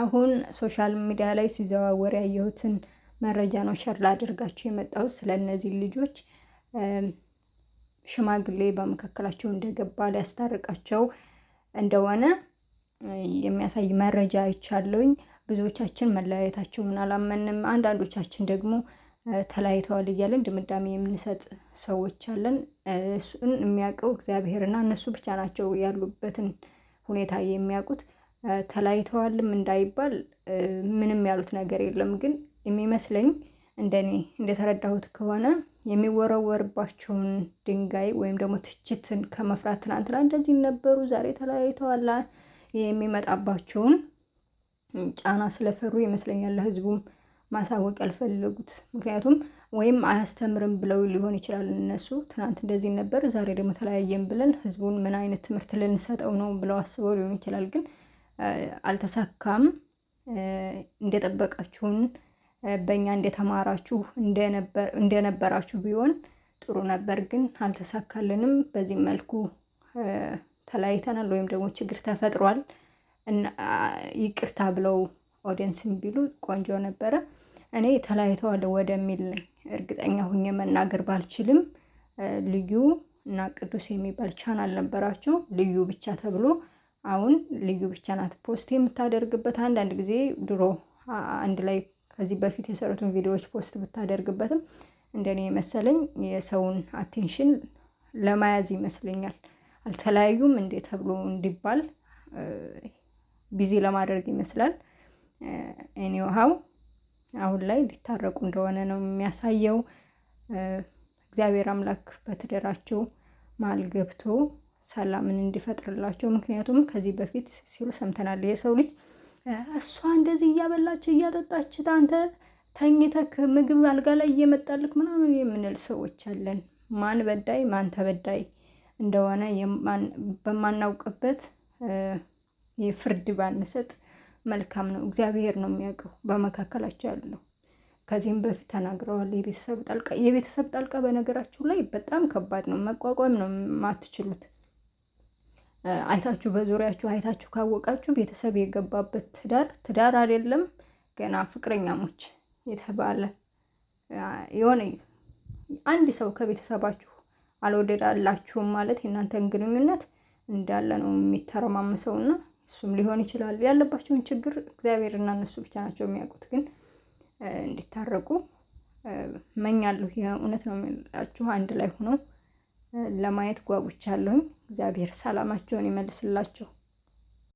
አሁን ሶሻል ሚዲያ ላይ ሲዘዋወር ያየሁትን መረጃ ነው ሸር ላደርጋቸው የመጣሁት። ስለ እነዚህ ልጆች ሽማግሌ በመካከላቸው እንደገባ ሊያስታርቃቸው እንደሆነ የሚያሳይ መረጃ አይቻለሁኝ። ብዙዎቻችን መለያየታቸውን አላመንም። አንዳንዶቻችን ደግሞ ተለያይተዋል እያለን ድምዳሜ የምንሰጥ ሰዎች አለን። እሱን የሚያውቀው እግዚአብሔርና እነሱ ብቻ ናቸው ያሉበትን ሁኔታ የሚያውቁት። ተለያይተዋልም እንዳይባል ምንም ያሉት ነገር የለም። ግን የሚመስለኝ እንደኔ እንደተረዳሁት ከሆነ የሚወረወርባቸውን ድንጋይ ወይም ደግሞ ትችትን ከመፍራት ትናንትና እንደዚህ ነበሩ፣ ዛሬ ተለያይተዋላ የሚመጣባቸውን ጫና ስለፈሩ ይመስለኛል ለህዝቡም ማሳወቅ ያልፈለጉት። ምክንያቱም ወይም አያስተምርም ብለው ሊሆን ይችላል እነሱ ትናንት እንደዚህ ነበር፣ ዛሬ ደግሞ ተለያየም ብለን ህዝቡን ምን አይነት ትምህርት ልንሰጠው ነው ብለው አስበው ሊሆን ይችላል ግን አልተሳካም። እንደጠበቃችሁን በእኛ እንደተማራችሁ እንደነበራችሁ ቢሆን ጥሩ ነበር፣ ግን አልተሳካልንም። በዚህ መልኩ ተለያይተናል ወይም ደግሞ ችግር ተፈጥሯል ይቅርታ ብለው ኦዲየንስም ቢሉ ቆንጆ ነበረ። እኔ ተለያይተዋል ወደሚል እርግጠኛ ሁኜ መናገር ባልችልም ልዩ እና ቅዱስ የሚባል ቻናል ነበራቸው ልዩ ብቻ ተብሎ አሁን ልዩ ብቻ ናት ፖስት የምታደርግበት። አንዳንድ ጊዜ ድሮ አንድ ላይ ከዚህ በፊት የሰሩትን ቪዲዮዎች ፖስት ብታደርግበትም እንደኔ መሰለኝ የሰውን አቴንሽን ለመያዝ ይመስለኛል። አልተለያዩም እንዴ ተብሎ እንዲባል ቢዚ ለማድረግ ይመስላል። ኤኒውሃው አሁን ላይ ሊታረቁ እንደሆነ ነው የሚያሳየው። እግዚአብሔር አምላክ በትዳራቸው መሀል ገብቶ ሰላምን እንዲፈጥርላቸው። ምክንያቱም ከዚህ በፊት ሲሉ ሰምተናል። የሰው ልጅ እሷ እንደዚህ እያበላች እያጠጣች አንተ ተኝተክ ምግብ አልጋ ላይ እየመጣልክ ምናምን የምንል ሰዎች አለን። ማን በዳይ ማን ተበዳይ እንደሆነ በማናውቅበት የፍርድ ባንሰጥ መልካም ነው። እግዚአብሔር ነው የሚያውቀው በመካከላቸው ያለው። ከዚህም በፊት ተናግረዋል። የቤተሰብ ጣልቃ የቤተሰብ ጣልቃ በነገራችሁ ላይ በጣም ከባድ ነው፣ መቋቋም ነው የማትችሉት። አይታችሁ በዙሪያችሁ አይታችሁ ካወቃችሁ ቤተሰብ የገባበት ትዳር ትዳር አይደለም፣ ገና ፍቅረኛሞች የተባለ የሆነ አንድ ሰው ከቤተሰባችሁ አልወደዳላችሁም ማለት የእናንተን ግንኙነት እንዳለ ነው የሚተረማመሰውና እሱም ሊሆን ይችላል። ያለባቸውን ችግር እና እነሱ ብቻ ናቸው የሚያውቁት። ግን እንዲታረቁ መኛለሁ። የእውነት ነው የሚላችሁ አንድ ላይ ሆነው ለማየት ጓጉቻለሁኝ። እግዚአብሔር ሰላማቸውን ይመልስላቸው።